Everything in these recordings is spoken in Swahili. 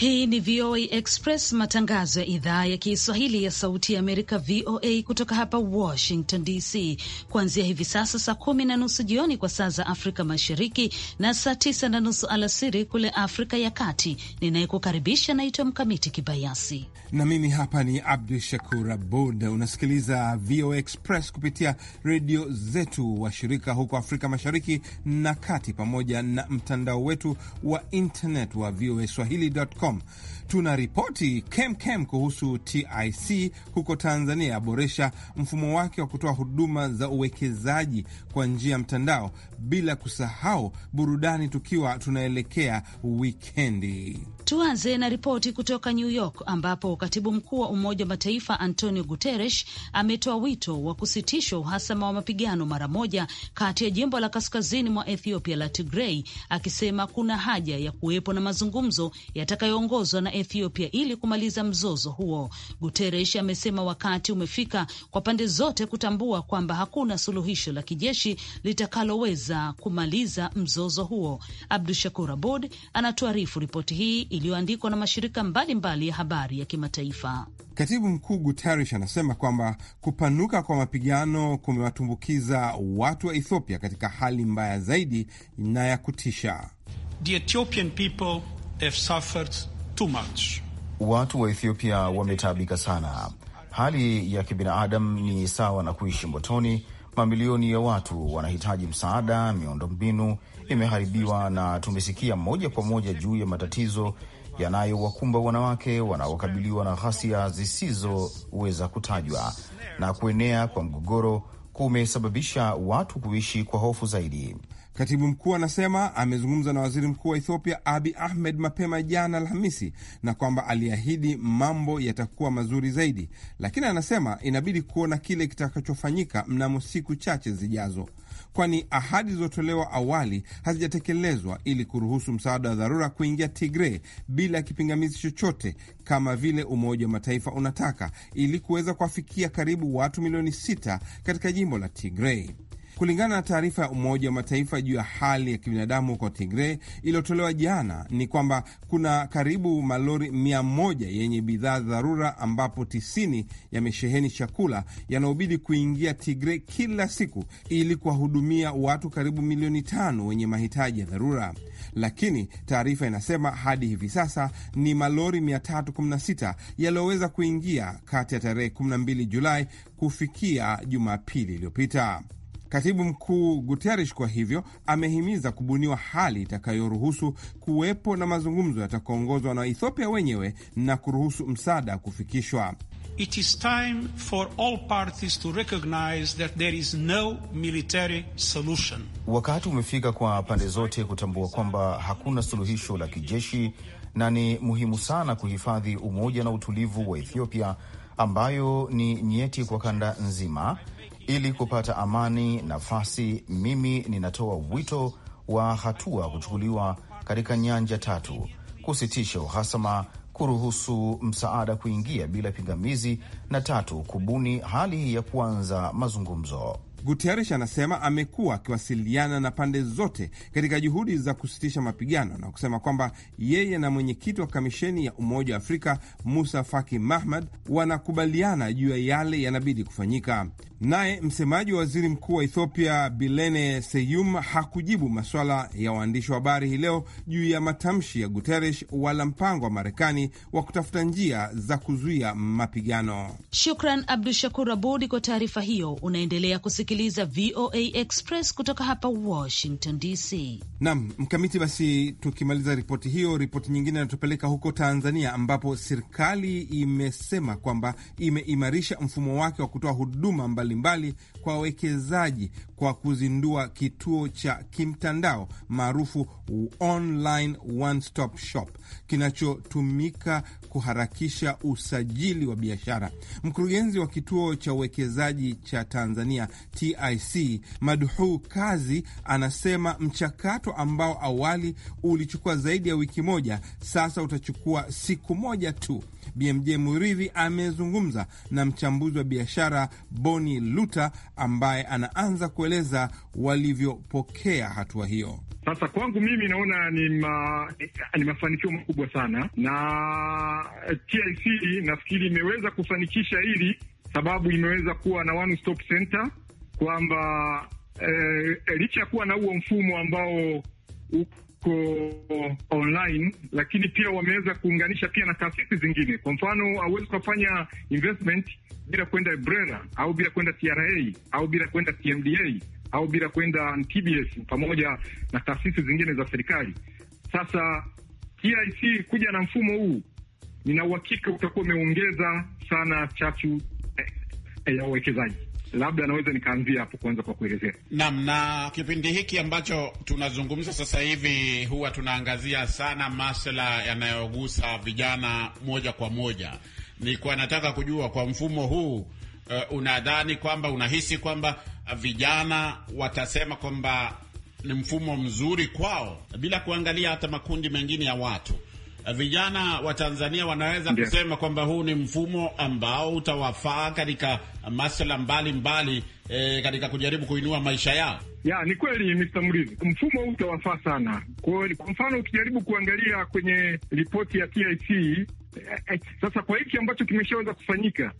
Hii ni VOA Express, matangazo ya idhaa ya Kiswahili ya Sauti ya Amerika, VOA, kutoka hapa Washington DC, kuanzia hivi sasa saa kumi na nusu jioni kwa saa za Afrika Mashariki na saa tisa na nusu alasiri kule Afrika ya Kati. Ninayekukaribisha naitwa Mkamiti Kibayasi na mimi hapa ni Abdu Shakur Abud. Unasikiliza VOA Express kupitia redio zetu washirika huko Afrika Mashariki na Kati, pamoja na mtandao wetu wa internet wa voa swahili.com Um. Tuna ripoti kemkem kuhusu TIC huko Tanzania yaboresha mfumo wake wa kutoa huduma za uwekezaji kwa njia ya mtandao, bila kusahau burudani, tukiwa tunaelekea wikendi. Tuanze na ripoti kutoka New York ambapo katibu mkuu wa Umoja wa Mataifa Antonio Guterres ametoa wito wa kusitishwa uhasama wa mapigano mara moja kati ya jimbo la kaskazini mwa Ethiopia la Tigrei, akisema kuna haja ya kuwepo na mazungumzo yatakayoongozwa na Ethiopia ili kumaliza mzozo huo. Guterres amesema wakati umefika kwa pande zote kutambua kwamba hakuna suluhisho la kijeshi litakaloweza kumaliza mzozo huo. Abdu Shakur Abud anatuarifu ripoti hii iliyoandikwa na mashirika mbalimbali mbali ya habari ya kimataifa. Katibu mkuu Guterres anasema kwamba kupanuka kwa mapigano kumewatumbukiza watu wa Ethiopia katika hali mbaya zaidi na ya kutisha. The Ethiopian people have suffered too much. Watu wa Ethiopia wametaabika sana. Hali ya kibinadamu ni sawa na kuishi motoni. Mamilioni ya watu wanahitaji msaada, miundombinu imeharibiwa, na tumesikia moja kwa moja juu ya matatizo yanayowakumba wanawake wanaokabiliwa na ghasia zisizoweza kutajwa, na kuenea kwa mgogoro kumesababisha watu kuishi kwa hofu zaidi. Katibu mkuu anasema amezungumza na waziri mkuu wa Ethiopia Abi Ahmed mapema jana Alhamisi, na kwamba aliahidi mambo yatakuwa mazuri zaidi, lakini anasema inabidi kuona kile kitakachofanyika mnamo siku chache zijazo, kwani ahadi zilizotolewa awali hazijatekelezwa ili kuruhusu msaada wa dharura kuingia Tigre bila ya kipingamizi chochote kama vile Umoja wa Mataifa unataka ili kuweza kuwafikia karibu watu milioni sita katika jimbo la Tigrei. Kulingana na taarifa ya Umoja wa Mataifa juu ya hali ya kibinadamu huko tigre iliyotolewa jana, ni kwamba kuna karibu malori mia moja yenye bidhaa dharura, ambapo tisini yamesheheni chakula yanayobidi kuingia tigre kila siku ili kuwahudumia watu karibu milioni tano wenye mahitaji ya dharura. Lakini taarifa inasema hadi hivi sasa ni malori 316 yaliyoweza kuingia kati ya tarehe 12 Julai kufikia Jumapili iliyopita. Katibu mkuu Guterres kwa hivyo amehimiza kubuniwa hali itakayoruhusu kuwepo na mazungumzo yatakaoongozwa na Ethiopia wenyewe na kuruhusu msaada kufikishwa. It is time for all parties to recognize that there is no military solution. Wakati umefika kwa pande zote kutambua kwamba hakuna suluhisho la kijeshi na ni muhimu sana kuhifadhi umoja na utulivu wa Ethiopia ambayo ni nyeti kwa kanda nzima ili kupata amani nafasi, mimi ninatoa wito wa hatua kuchukuliwa katika nyanja tatu: kusitisha uhasama, kuruhusu msaada kuingia bila pingamizi, na tatu, kubuni hali ya kuanza mazungumzo. Guterres anasema amekuwa akiwasiliana na pande zote katika juhudi za kusitisha mapigano na kusema kwamba yeye na mwenyekiti wa kamisheni ya Umoja wa Afrika Musa Faki Mahmad wanakubaliana juu ya yale yanabidi kufanyika. Naye msemaji wa waziri mkuu wa Ethiopia Bilene Seyum hakujibu maswala ya waandishi wa habari hii leo juu ya matamshi ya Guterres wala mpango wa Marekani wa kutafuta njia za kuzuia mapigano. Shukran Abdu Shakur Abudi kwa taarifa hiyo. Unaendelea kusikia unasikiliza VOA Express kutoka hapa Washington DC. Nam mkamiti, basi tukimaliza ripoti hiyo, ripoti nyingine inatupeleka huko Tanzania, ambapo serikali imesema kwamba imeimarisha mfumo wake wa kutoa huduma mbalimbali mbali kwa wawekezaji kwa kuzindua kituo cha kimtandao maarufu online one stop shop kinachotumika kuharakisha usajili wa biashara. Mkurugenzi wa kituo cha uwekezaji cha Tanzania TIC Madhu Kazi anasema mchakato ambao awali ulichukua zaidi ya wiki moja sasa utachukua siku moja tu. BMJ Muridhi amezungumza na mchambuzi wa biashara Boni Luta ambaye anaanza kueleza walivyopokea hatua hiyo. Sasa kwangu mimi naona ni, ma, ni mafanikio makubwa sana, na eh, TIC nafikiri imeweza kufanikisha hili sababu imeweza kuwa na one stop center kwamba eh, licha ya kuwa na huo mfumo ambao iko online, lakini pia wameweza kuunganisha pia na taasisi zingine. Kwa mfano, hauwezi ukafanya investment bila kwenda BRELA au bila kwenda TRA au bila kwenda TMDA au bila kwenda TBS pamoja na taasisi zingine za serikali. Sasa TIC kuja na mfumo huu, nina uhakika utakuwa umeongeza sana chachu ya uwekezaji labda naweza nikaanzia hapo kwanza kwa kuelezea. Naam, na kipindi hiki ambacho tunazungumza sasa hivi huwa tunaangazia sana masuala yanayogusa vijana moja kwa moja. Nilikuwa nataka kujua kwa mfumo huu uh, unadhani kwamba unahisi kwamba vijana watasema kwamba ni mfumo mzuri kwao bila kuangalia hata makundi mengine ya watu Eh, vijana wa Tanzania wanaweza yeah, kusema kwamba huu ni mfumo ambao utawafaa katika masuala mbalimbali e, katika kujaribu kuinua maisha yao. Ya, ni kweli Mr. Mrizi, mfumo huu utawafaa sana. Kwa mfano ukijaribu kuangalia kwenye ripoti ya TIC eh, eh, sasa kwa hiki ambacho kimeshaweza kufanyika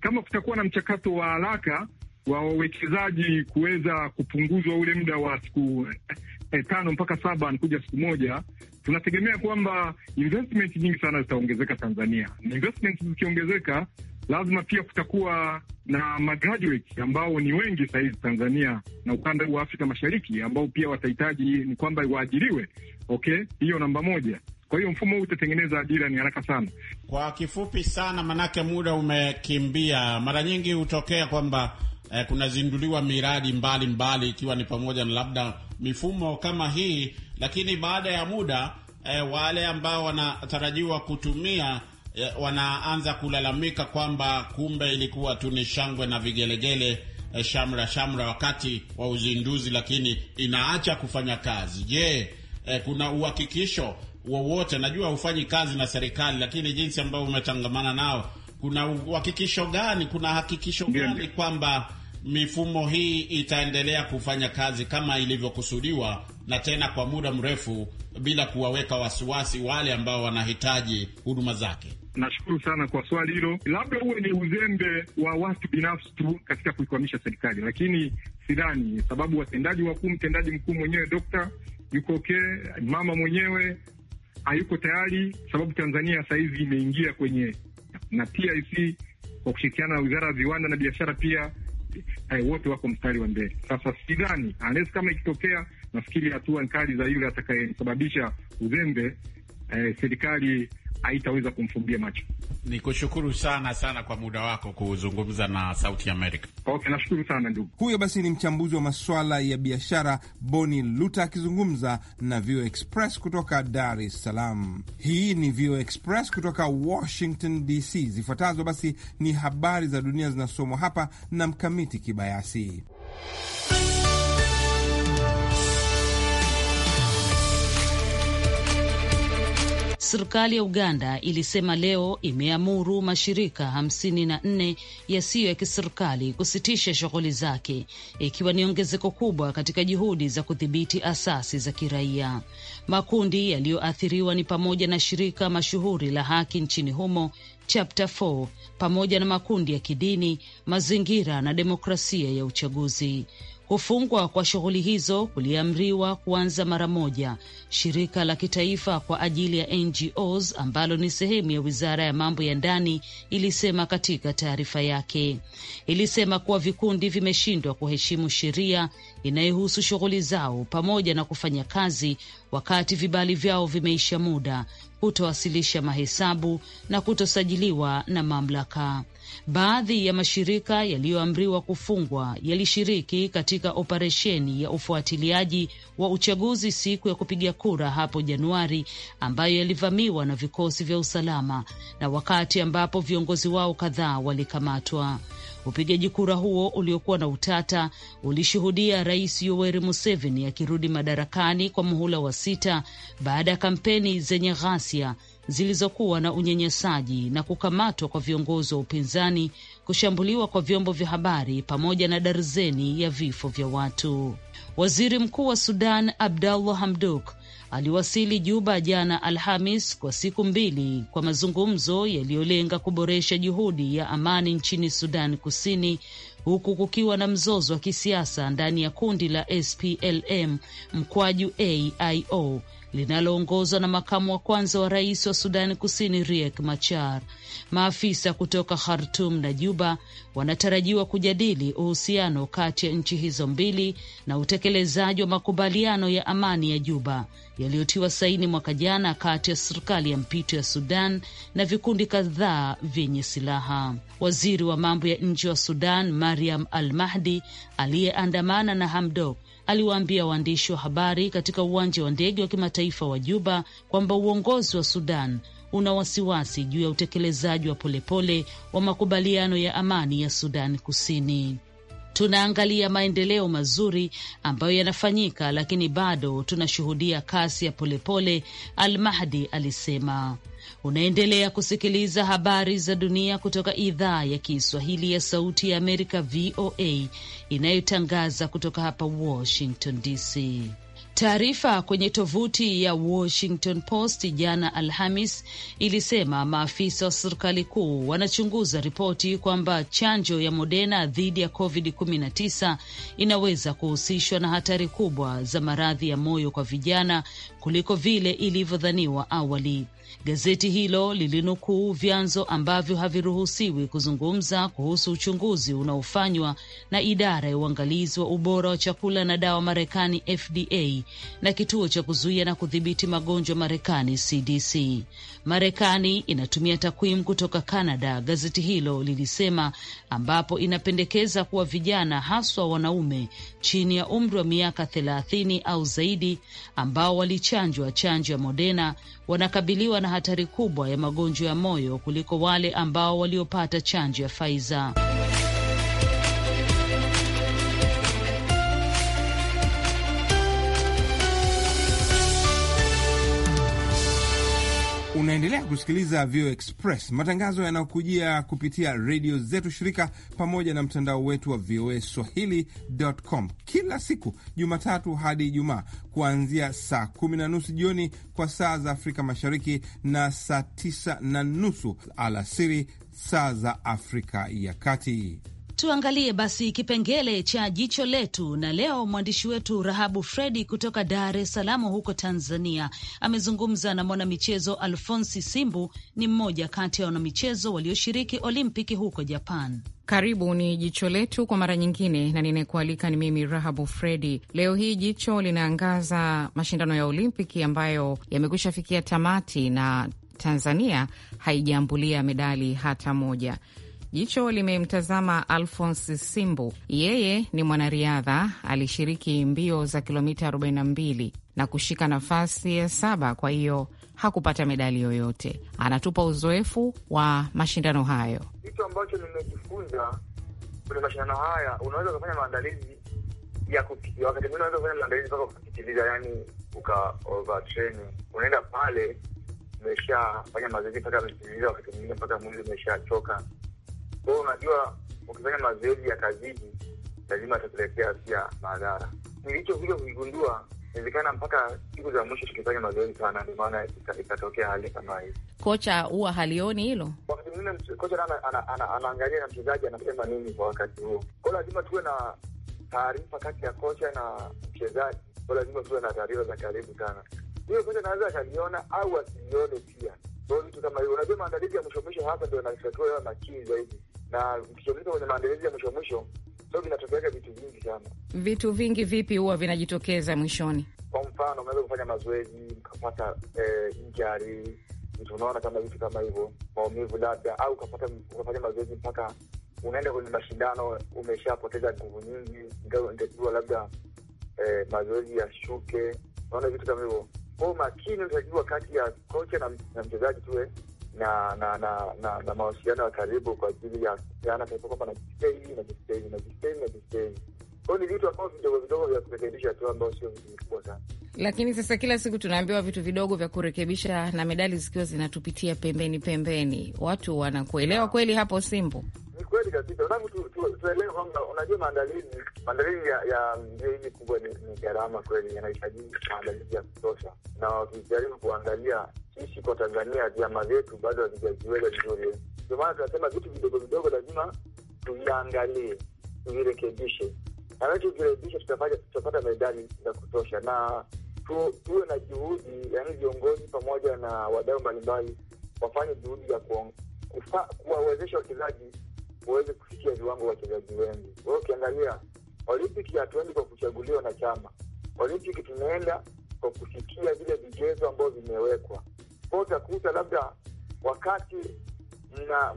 kama kutakuwa na mchakato wa haraka wa wawekezaji kuweza kupunguzwa ule muda wa siku eh, eh, tano mpaka saba anakuja siku moja, tunategemea kwamba investment nyingi sana zitaongezeka Tanzania, na investment zikiongezeka lazima pia kutakuwa na magraduate ambao ni wengi sahizi Tanzania na ukanda wa Afrika Mashariki, ambao pia watahitaji ni kwamba waajiriwe. Okay, hiyo namba moja. Kwa hiyo mfumo huu utatengeneza ajira ni haraka sana. Kwa kifupi sana, manake muda umekimbia. Mara nyingi hutokea kwamba eh, kunazinduliwa miradi mbalimbali ikiwa mbali, ni pamoja na labda mifumo kama hii, lakini baada ya muda e, wale ambao wanatarajiwa kutumia e, wanaanza kulalamika kwamba kumbe ilikuwa tu ni shangwe na vigelegele, e, shamra shamra wakati wa uzinduzi, lakini inaacha kufanya kazi. Je, e, kuna uhakikisho wowote? Najua hufanyi kazi na serikali, lakini jinsi ambavyo umetangamana nao, kuna uhakikisho gani? Kuna hakikisho gani kwamba mifumo hii itaendelea kufanya kazi kama ilivyokusudiwa na tena kwa muda mrefu bila kuwaweka wasiwasi wale ambao wanahitaji huduma zake. Nashukuru sana kwa swali hilo. Labda huwe ni uzembe wa watu binafsi tu katika kuikwamisha serikali, lakini sidhani, sababu watendaji wakuu, mtendaji mkuu mwenyewe dokta yuko okay, mama mwenyewe hayuko tayari, sababu Tanzania sahizi imeingia kwenye na TIC kwa kushirikiana na wizara ya viwanda na biashara pia vipi, eh, wote wako mstari wa mbele. Sasa sidhani anaweza kama ikitokea, nafikiri hatua kali za yule atakayesababisha uzembe eh, serikali haitaweza kumfumbia macho. Ni kushukuru sana sana kwa muda wako kuzungumza na Sauti Amerika. Okay, nashukuru sana ndugu. Huyo basi ni mchambuzi wa maswala ya biashara Boni Luta akizungumza na Vio Express kutoka Dar es Salaam. Hii ni Vio Express kutoka Washington DC. Zifuatazo basi ni habari za dunia zinasomwa hapa na Mkamiti Kibayasi. Serikali ya Uganda ilisema leo imeamuru mashirika hamsini na nne yasiyo ya kiserikali kusitisha shughuli zake, ikiwa ni ongezeko kubwa katika juhudi za kudhibiti asasi za kiraia. Makundi yaliyoathiriwa ni pamoja na shirika mashuhuri la haki nchini humo Chapter 4 pamoja na makundi ya kidini, mazingira na demokrasia ya uchaguzi. Kufungwa kwa shughuli hizo kuliamriwa kuanza mara moja. Shirika la kitaifa kwa ajili ya NGOs ambalo ni sehemu ya wizara ya mambo ya ndani ilisema katika taarifa yake, ilisema kuwa vikundi vimeshindwa kuheshimu sheria inayohusu shughuli zao pamoja na kufanya kazi wakati vibali vyao vimeisha muda, kutowasilisha mahesabu na kutosajiliwa na mamlaka. Baadhi ya mashirika yaliyoamriwa kufungwa yalishiriki katika operesheni ya ufuatiliaji wa uchaguzi siku ya kupiga kura hapo Januari, ambayo yalivamiwa na vikosi vya usalama na wakati ambapo viongozi wao kadhaa walikamatwa. Upigaji kura huo uliokuwa na utata ulishuhudia Rais Yoweri Museveni akirudi madarakani kwa muhula wa sita baada ya kampeni zenye ghasia zilizokuwa na unyanyasaji na kukamatwa kwa viongozi wa upinzani, kushambuliwa kwa vyombo vya habari pamoja na darzeni ya vifo vya watu. Waziri Mkuu wa Sudan Abdallah Hamduk aliwasili Juba jana Alhamis kwa siku mbili kwa mazungumzo yaliyolenga kuboresha juhudi ya amani nchini Sudan Kusini, huku kukiwa na mzozo wa kisiasa ndani ya kundi la SPLM mkwaju AIO linaloongozwa na makamu wa kwanza wa rais wa Sudani Kusini Riek Machar. Maafisa kutoka Khartum na Juba wanatarajiwa kujadili uhusiano kati ya nchi hizo mbili na utekelezaji wa makubaliano ya amani ya Juba yaliyotiwa saini mwaka jana kati ya serikali ya mpito ya Sudan na vikundi kadhaa vyenye silaha. Waziri wa mambo ya nje wa Sudan Mariam Al Mahdi aliyeandamana na Hamdok aliwaambia waandishi wa habari katika uwanja wa ndege wa kimataifa wa Juba kwamba uongozi wa Sudan una wasiwasi juu ya utekelezaji wa polepole wa makubaliano ya amani ya Sudan Kusini. Tunaangalia maendeleo mazuri ambayo yanafanyika, lakini bado tunashuhudia kasi ya polepole, Al Mahdi alisema. Unaendelea kusikiliza habari za dunia kutoka idhaa ya Kiswahili ya Sauti ya Amerika, VOA, inayotangaza kutoka hapa Washington DC. Taarifa kwenye tovuti ya Washington Post jana Alhamis ilisema maafisa wa serikali kuu wanachunguza ripoti kwamba chanjo ya Moderna dhidi ya COVID-19 inaweza kuhusishwa na hatari kubwa za maradhi ya moyo kwa vijana kuliko vile ilivyodhaniwa awali. Gazeti hilo lilinukuu vyanzo ambavyo haviruhusiwi kuzungumza kuhusu uchunguzi unaofanywa na idara ya uangalizi wa ubora wa chakula na dawa Marekani, FDA, na kituo cha kuzuia na kudhibiti magonjwa Marekani, CDC. Marekani inatumia takwimu kutoka canada gazeti hilo lilisema, ambapo inapendekeza kuwa vijana haswa wanaume chini ya umri wa miaka thelathini au zaidi ambao walichanjwa chanjo ya Moderna wanakabiliwa na hatari kubwa ya magonjwa ya moyo kuliko wale ambao waliopata chanjo ya Pfizer. Unaendelea kusikiliza VOA Express, matangazo yanayokujia kupitia redio zetu shirika pamoja na mtandao wetu wa VOA Swahili.com kila siku Jumatatu hadi Ijumaa kuanzia saa kumi na nusu jioni kwa saa za Afrika Mashariki na saa tisa na nusu alasiri saa za Afrika ya Kati. Tuangalie basi kipengele cha jicho letu, na leo mwandishi wetu Rahabu Fredi kutoka Dar es Salaam huko Tanzania amezungumza na mwanamichezo Alfonsi Simbu. Ni mmoja kati ya wanamichezo walioshiriki Olimpiki huko Japan. Karibu ni jicho letu kwa mara nyingine, na ninayekualika ni mimi Rahabu Fredi. Leo hii jicho linaangaza mashindano ya Olimpiki ambayo yamekwisha fikia tamati na Tanzania haijaambulia medali hata moja. Jicho limemtazama Alphonse Simbu. Yeye ni mwanariadha, alishiriki mbio za kilomita 42 na kushika nafasi ya saba, kwa hiyo hakupata medali yoyote. Anatupa uzoefu wa mashindano hayo. Kitu ambacho nimejifunza kwenye mashindano haya, unaweza ukafanya maandalizi ya wakati mwingine unaweza kufanya maandalizi mpaka ukapitiliza, yani uka overtrain, unaenda pale umeshafanya mazoezi mpaka umepitiliza, wakati mwingine mpaka mwili umeshachoka kwa hiyo unajua, ukifanya mazoezi ya kazini lazima atapelekea pia madhara. Nilicho Nilichokuja kuigundua inawezekana mpaka siku za mwisho tukifanya mazoezi sana, ndio maana ikatokea hali kama hii. Kocha huwa halioni hilo, wakati mwingine kocha anaangalia na mchezaji anasema nini kwa wakati huo. Kwao lazima tuwe na taarifa kati ya kocha na mchezaji, kwao lazima tuwe na taarifa za karibu sana. Hiyo kocha anaweza akaliona au asilione pia, kwao vitu kama hivyo. Unajua, maandalizi ya mwisho mwisho hapa ndio anatakiwa makini zaidi na ukisogeza kwenye maandalizi ya mwisho mwisho, so vinatokeaga vitu vingi sana. Vitu vingi vipi huwa vinajitokeza mwishoni? Kwa mfano, unaweza kufanya mazoezi mkapata eh, injari vitu, unaona kama vitu kama hivyo, maumivu labda, au ukapata ukafanya mazoezi mpaka unaenda kwenye mashindano umeshapoteza nguvu nyingi, nitapigwa labda eh, mazoezi ya shuke, unaona vitu kama hivyo. Kwa makini utajua kati ya kocha na, na mchezaji tuwe eh na na na na, na mawasiliano ya karibu kwa ajili ya kusiana kwamba najisikia hivi najisikia hivi najisikia hivi najisikia hivi kwao, ni vitu ambavyo vidogo vidogo vya kurekebisha tu ambao sio vitu vikubwa sana. Lakini sasa kila siku tunaambiwa vitu vidogo vya kurekebisha na medali zikiwa zinatupitia pembeni pembeni, watu wanakuelewa ah. kweli hapo Simbo? Ni kweli kabisa, sababu tuelewe kwamba unajua maandalizi maandalizi ya mbio hizi kubwa ni gharama kweli, yanahitaji maandalizi ya kutosha, na wakijaribu kuangalia tunaishi kwa Tanzania, vyama vyetu bado havijajiweka vizuri. Ndio maana tunasema vitu vidogo vidogo lazima tuviangalie, tuvirekebishe, na tukirekebisha tutapata medali za kutosha, na tuwe na juhudi, yaani viongozi pamoja na wadau mbalimbali wafanye juhudi ya kuwawezesha wachezaji waweze kufikia viwango wachezaji wengi. Wewe ukiangalia Olimpiki hatuendi kwa kuchaguliwa na chama. Olimpiki tunaenda kwa kufikia vile vigezo ambavyo vimewekwa. Kwa hiyo labda wakati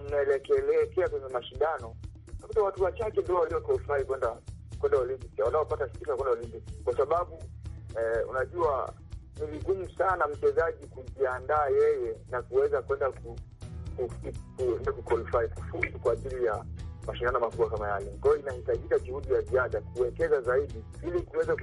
mnaelekelekea kwenye mashindano, utakuta watu wachache ndio walio kwenda kwenda Olympics, wanaopata spika kwenda Olympics, kwa sababu eh, unajua ni vigumu sana mchezaji kujiandaa yeye na kuweza kwenda ku, ku, kufuzu kwa ajili ya mashindano makubwa kama yale. Kwa hiyo inahitajika juhudi ya ziada kuwekeza zaidi ili kuweza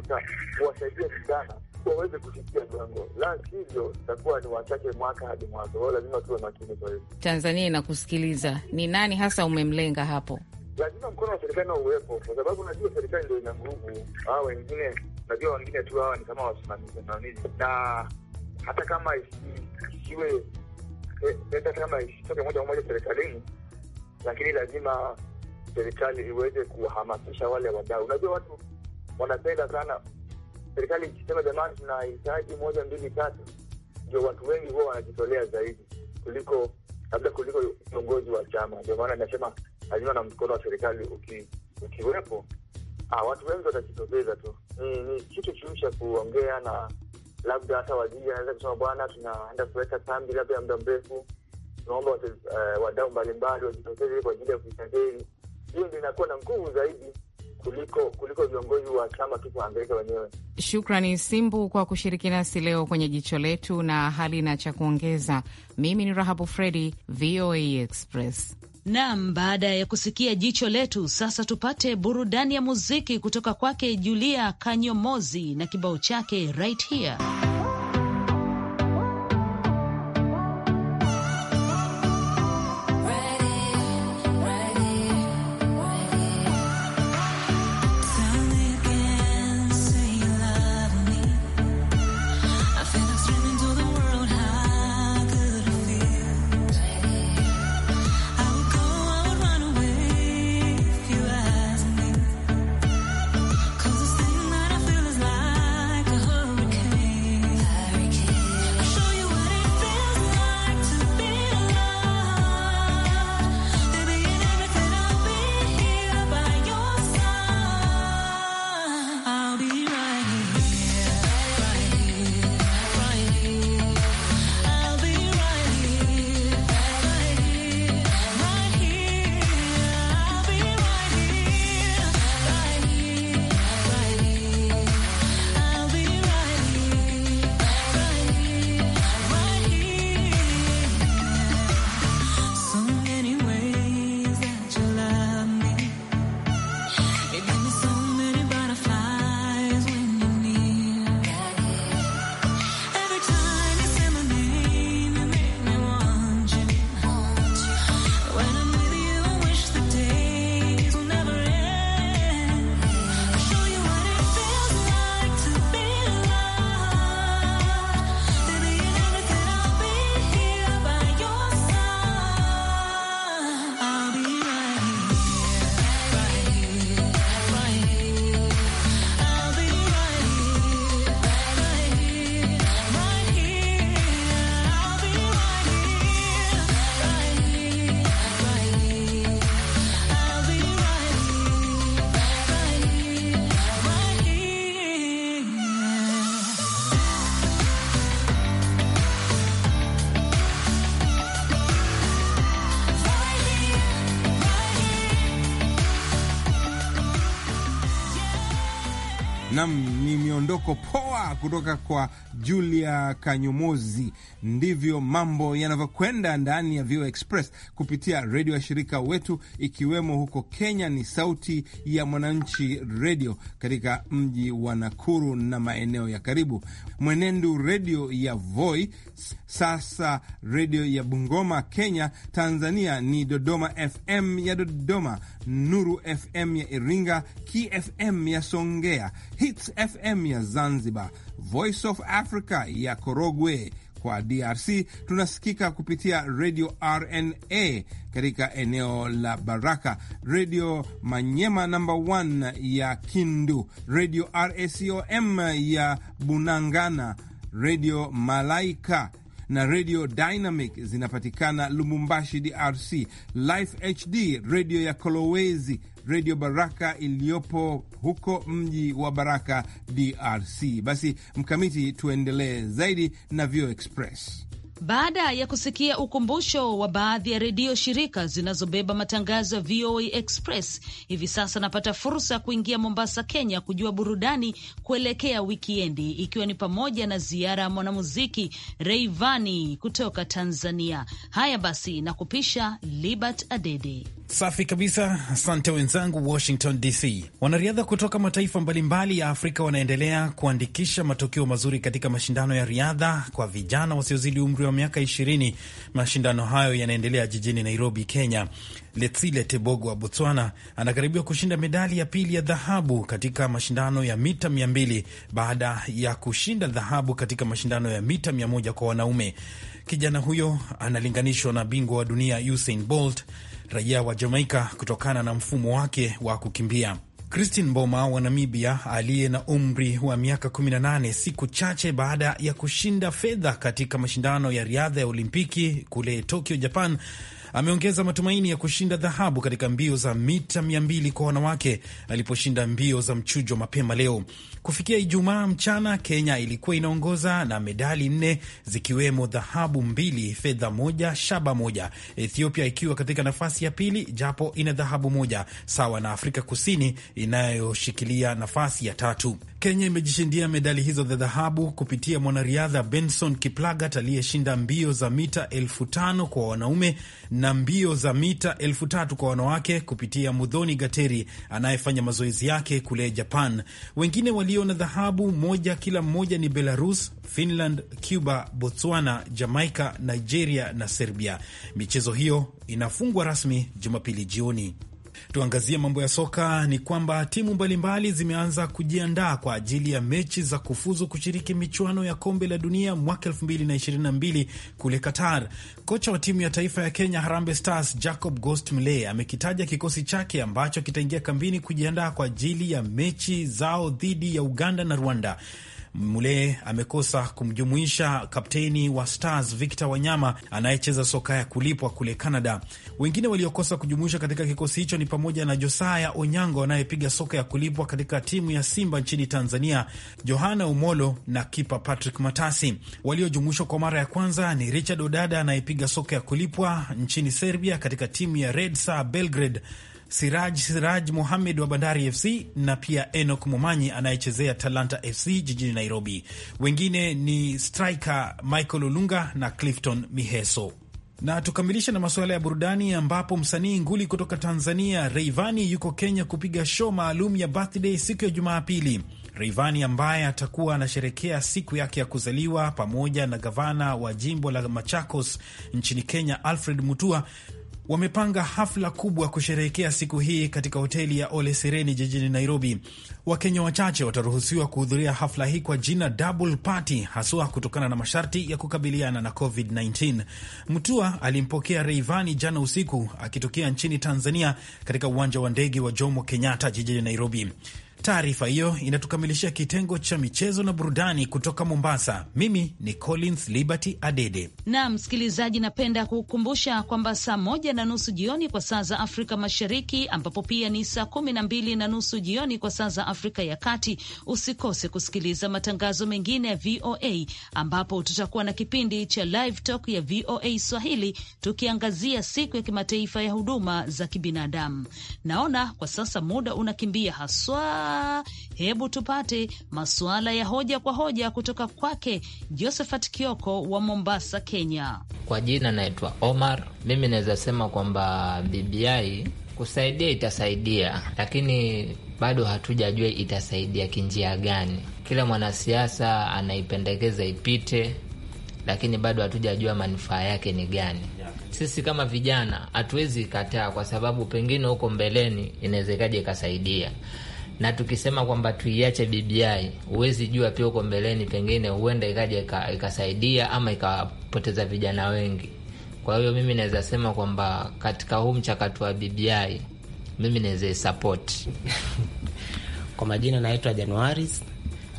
kuwasaidia vijana waweze kufikia viwango, la sivyo itakuwa ni wachache mwaka hadi mwaka. Wao lazima tuwe makini. Kwa hiyo Tanzania inakusikiliza, ni nani hasa umemlenga hapo? Lazima mkono wa serikali nao uwepo, kwa sababu najua serikali ndio ina nguvu. Hawa wengine najua wengine tu hawa ni kama wasimamizi, na hata kama isiwe eh, hata kama isitoke moja kwa moja serikalini, lakini lazima serikali iweze kuhamasisha wale wadau. Unajua watu wanapenda sana serikali ikisema jamani, tunahitaji moja mbili tatu, ndio watu wengi huwa wanajitolea zaidi kuliko labda kuliko viongozi wa chama. Ndio maana inasema lazima na mkono wa serikali uki, ukiwepo ah, watu wengi watajitokeza tu. Ni, ni kitu kiu cha kuongea na labda hata waziri anaweza kusema bwana, tunaenda kuweka kambi labda ya muda mrefu, tunaomba uh, wadau mbalimbali wajitokeze kwa ajili ya kuisajili. Hiyo ndio inakuwa na nguvu zaidi kuliko kuliko viongozi wa chama tu kuangaika wenyewe. Shukrani Simbu kwa kushiriki nasi leo kwenye jicho letu, na na cha kuongeza. Mimi ni Rahabu Fredi, VOA Express. Nam, baada ya kusikia jicho letu, sasa tupate burudani ya muziki kutoka kwake Julia Kanyomozi na kibao chake right here. dondoko poa kutoka kwa Julia Kanyomozi. Ndivyo mambo yanavyokwenda ndani ya VOA Express kupitia redio ya shirika wetu, ikiwemo huko Kenya ni Sauti ya Mwananchi redio katika mji wa Nakuru na maeneo ya karibu, Mwenendo redio ya Voi, sasa redio ya Bungoma Kenya. Tanzania ni Dodoma FM ya Dodoma, Nuru FM ya Iringa, KFM ya Songea, Hits FM ya Zanzibar, Voice of Africa ya Korogwe. Kwa DRC tunasikika kupitia radio RNA katika eneo la Baraka, redio Manyema namba 1 ya Kindu, radio RACOM ya Bunangana, redio Malaika na Radio Dynamic zinapatikana lumumbashi DRC, Life HD, redio ya Kolowezi, Redio Baraka iliyopo huko mji wa Baraka, DRC. Basi Mkamiti, tuendelee zaidi na Vio Express. Baada ya kusikia ukumbusho wa baadhi ya redio shirika zinazobeba matangazo ya VOA Express, hivi sasa napata fursa ya kuingia Mombasa, Kenya, kujua burudani kuelekea wikiendi, ikiwa ni pamoja na ziara ya mwanamuziki Rayvanny kutoka Tanzania. Haya basi, nakupisha Libert Adede. Safi kabisa, asante wenzangu Washington DC. Wanariadha kutoka mataifa mbalimbali ya Afrika wanaendelea kuandikisha matokeo mazuri katika mashindano ya riadha kwa vijana wasiozidi umri wa miaka 20. Mashindano hayo yanaendelea jijini Nairobi, Kenya. Letsile Tebogo wa Botswana anakaribia kushinda medali ya pili ya dhahabu katika mashindano ya mita 20 baada ya kushinda dhahabu katika mashindano ya mita 1 kwa wanaume. Kijana huyo analinganishwa na bingwa wa dunia Usain Bolt raia wa Jamaika kutokana na mfumo wake wa kukimbia. Christine Mboma wa Namibia aliye na umri wa miaka 18, siku chache baada ya kushinda fedha katika mashindano ya riadha ya Olimpiki kule Tokyo, Japan, ameongeza matumaini ya kushinda dhahabu katika mbio za mita 200 kwa wanawake aliposhinda mbio za mchujo mapema leo. Kufikia Ijumaa mchana, Kenya ilikuwa inaongoza na medali nne zikiwemo dhahabu mbili, fedha moja, shaba moja, Ethiopia ikiwa katika nafasi ya pili japo ina dhahabu moja sawa na Afrika Kusini inayoshikilia nafasi ya tatu. Kenya imejishindia medali hizo za dhahabu kupitia mwanariadha Benson Kiplagat aliyeshinda mbio za mita elfu tano kwa wanaume na mbio za mita elfu tatu kwa wanawake kupitia Mudhoni Gateri anayefanya mazoezi yake kule Japan. Wengine walio na dhahabu moja kila mmoja ni Belarus, Finland, Cuba, Botswana, Jamaica, Nigeria na Serbia. Michezo hiyo inafungwa rasmi Jumapili jioni. Tuangazie mambo ya soka. Ni kwamba timu mbalimbali zimeanza kujiandaa kwa ajili ya mechi za kufuzu kushiriki michuano ya kombe la dunia mwaka 2022 kule Qatar. Kocha wa timu ya taifa ya Kenya Harambee Stars Jacob Ghost Mulee amekitaja kikosi chake ambacho kitaingia kambini kujiandaa kwa ajili ya mechi zao dhidi ya Uganda na Rwanda. Mule amekosa kumjumuisha kapteni wa Stars Victor Wanyama anayecheza soka ya kulipwa kule Canada. Wengine waliokosa kujumuisha katika kikosi hicho ni pamoja na Josaya Onyango anayepiga soka ya kulipwa katika timu ya Simba nchini Tanzania, Johana Umolo na kipa Patrick Matasi. Waliojumuishwa kwa mara ya kwanza ni Richard Odada anayepiga soka ya kulipwa nchini Serbia katika timu ya Red Star Belgrade Siraj Siraj Muhamed wa Bandari FC na pia enok Momanyi anayechezea Talanta FC jijini Nairobi. Wengine ni striker Michael Olunga na Clifton Miheso na tukamilishe na masuala ya burudani ambapo msanii nguli kutoka Tanzania Reivani yuko Kenya kupiga show maalum ya birthday siku ya Jumapili. Reivani ambaye atakuwa anasherekea siku yake ya kuzaliwa pamoja na gavana wa jimbo la Machakos nchini Kenya Alfred Mutua wamepanga hafla kubwa kusherehekea siku hii katika hoteli ya Ole Sereni jijini Nairobi. Wakenya wachache wataruhusiwa kuhudhuria hafla hii kwa jina double party, haswa kutokana na masharti ya kukabiliana na COVID-19. Mtua alimpokea Reivani jana usiku akitokea nchini Tanzania katika uwanja wa ndege wa Jomo Kenyatta jijini Nairobi. Taarifa hiyo inatukamilishia kitengo cha michezo na burudani kutoka Mombasa. Mimi ni Collins Liberty Adede. Naam msikilizaji, napenda kukukumbusha kwamba saa moja na nusu jioni kwa saa za Afrika Mashariki, ambapo pia ni saa kumi na mbili na nusu jioni kwa saa za Afrika ya Kati, usikose kusikiliza matangazo mengine ya VOA ambapo tutakuwa na kipindi cha Live Talk ya VOA Swahili tukiangazia siku ya kimataifa ya huduma za kibinadamu. Naona kwa sasa muda unakimbia haswa Hebu tupate masuala ya hoja kwa hoja kutoka kwake Josephat Kioko wa Mombasa, Kenya. Kwa jina naitwa Omar. Mimi naweza sema kwamba BBI kusaidia itasaidia, lakini bado hatujajua itasaidia kinjia gani. Kila mwanasiasa anaipendekeza ipite, lakini bado hatujajua manufaa yake ni gani. Sisi kama vijana hatuwezi kataa, kwa sababu pengine huko mbeleni inawezekaje ikasaidia, na tukisema kwamba tuiache BBI, huwezi jua pia huko mbeleni, pengine huenda ikaja ikasaidia ama ikapoteza vijana wengi. Kwa hiyo mimi naweza sema kwamba katika huu mchakato wa BBI mimi naweza support kwa majina naitwa januari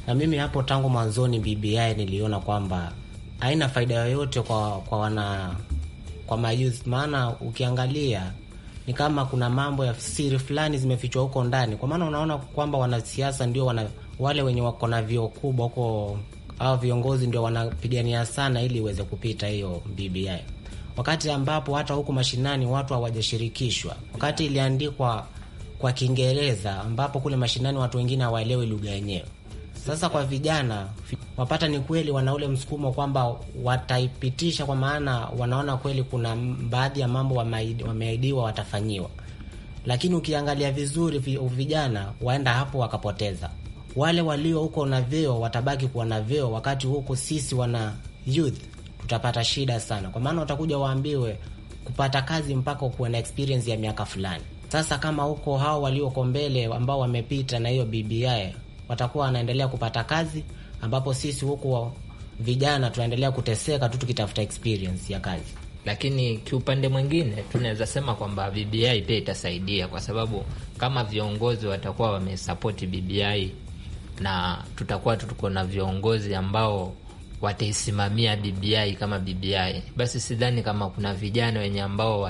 na mimi hapo tangu mwanzoni BBI niliona kwamba haina faida yoyote kwa kwa wana kwa mayouth, maana ukiangalia ni kama kuna mambo ya siri fulani zimefichwa huko ndani, kwa maana unaona kwamba wanasiasa ndio wana, wale wenye wako na vyeo kubwa huko au viongozi ndio wanapigania sana ili iweze kupita hiyo BBI, wakati ambapo hata huku mashinani watu hawajashirikishwa, wakati iliandikwa kwa Kiingereza ambapo kule mashinani watu wengine hawaelewi lugha yenyewe. Sasa kwa vijana wapata, ni kweli wana ule msukumo kwamba wataipitisha, kwa maana wanaona kweli kuna baadhi ya mambo wameahidiwa watafanyiwa, lakini ukiangalia vizuri, vijana waenda hapo wakapoteza. Wale walio huko na vyeo watabaki kuwa na vyeo, wakati huku sisi wana youth tutapata shida sana, kwa maana watakuja waambiwe kupata kazi mpaka kuwa na experience ya miaka fulani. Sasa kama huko hao walioko mbele ambao wamepita na hiyo BBI watakuwa wanaendelea kupata kazi, ambapo sisi huku vijana tunaendelea kuteseka tu tukitafuta experience ya kazi. Lakini kiupande mwingine tunaweza sema kwamba BBI pia itasaidia, kwa sababu kama viongozi watakuwa wamesapoti BBI na tutakuwa tuko na viongozi ambao wataisimamia BBI kama BBI, basi sidhani kama kuna vijana wenye ambao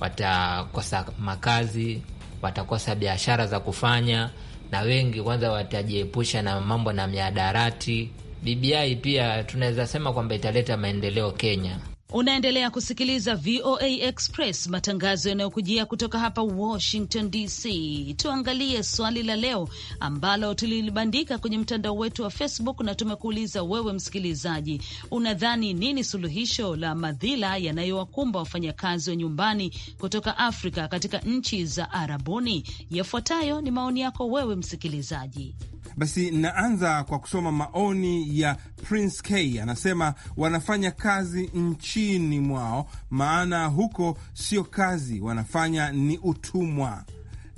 watakosa wata makazi, watakosa biashara za kufanya na wengi kwanza watajiepusha na mambo na miadarati. BBI pia tunaweza sema kwamba italeta maendeleo Kenya. Unaendelea kusikiliza VOA Express, matangazo yanayokujia kutoka hapa Washington DC. Tuangalie swali la leo ambalo tulilibandika kwenye mtandao wetu wa Facebook na tumekuuliza wewe, msikilizaji, unadhani nini suluhisho la madhila yanayowakumba wafanyakazi wa nyumbani kutoka Afrika katika nchi za Arabuni? Yafuatayo ni maoni yako wewe, msikilizaji. Basi naanza kwa kusoma maoni ya Prince K, anasema wanafanya kazi nchi nchini mwao, maana huko sio kazi wanafanya, ni utumwa.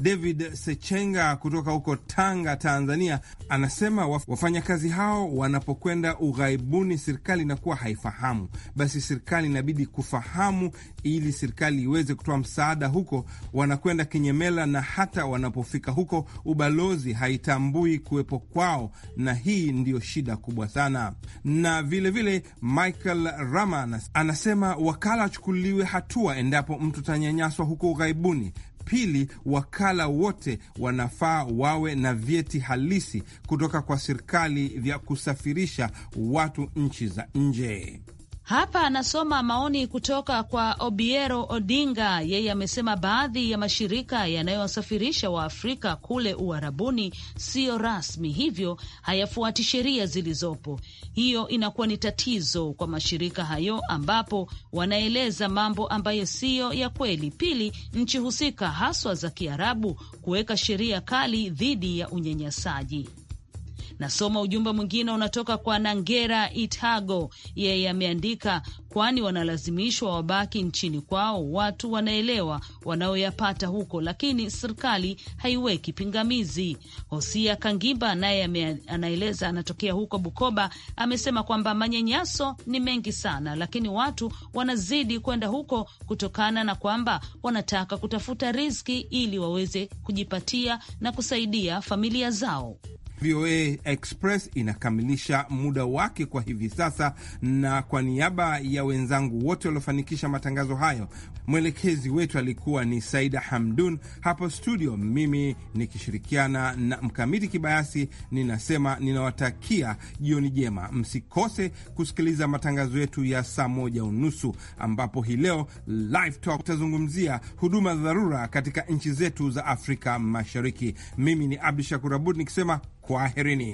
David Sechenga kutoka huko Tanga, Tanzania, anasema wafanyakazi hao wanapokwenda ughaibuni, serikali inakuwa haifahamu. Basi serikali inabidi kufahamu ili serikali iweze kutoa msaada huko. Wanakwenda kinyemela, na hata wanapofika huko ubalozi haitambui kuwepo kwao, na hii ndiyo shida kubwa sana. Na vilevile vile Michael Rama anasema wakala achukuliwe hatua endapo mtu tanyanyaswa huko ughaibuni. Pili, wakala wote wanafaa wawe na vyeti halisi kutoka kwa serikali vya kusafirisha watu nchi za nje. Hapa anasoma maoni kutoka kwa Obiero Odinga. Yeye amesema baadhi ya mashirika yanayowasafirisha Waafrika kule Uarabuni siyo rasmi, hivyo hayafuati sheria zilizopo. Hiyo inakuwa ni tatizo kwa mashirika hayo, ambapo wanaeleza mambo ambayo siyo ya kweli. Pili, nchi husika haswa za Kiarabu kuweka sheria kali dhidi ya unyanyasaji. Nasoma ujumbe mwingine unatoka kwa Nangera Itago, yeye ameandika, kwani wanalazimishwa wabaki nchini kwao. Watu wanaelewa wanaoyapata huko, lakini serikali haiweki pingamizi. Hosia Kangimba naye anaeleza, anatokea huko Bukoba, amesema kwamba manyanyaso ni mengi sana, lakini watu wanazidi kwenda huko kutokana na kwamba wanataka kutafuta riziki ili waweze kujipatia na kusaidia familia zao. VOA Express inakamilisha muda wake kwa hivi sasa, na kwa niaba ya wenzangu wote waliofanikisha matangazo hayo, mwelekezi wetu alikuwa ni Saida Hamdun hapo studio, mimi nikishirikiana na Mkamiti Kibayasi ninasema ninawatakia jioni jema. Msikose kusikiliza matangazo yetu ya saa moja unusu ambapo hii leo Live Talk tutazungumzia huduma za dharura katika nchi zetu za Afrika Mashariki. Mimi ni Abdu Shakur Abud nikisema Kwaherini.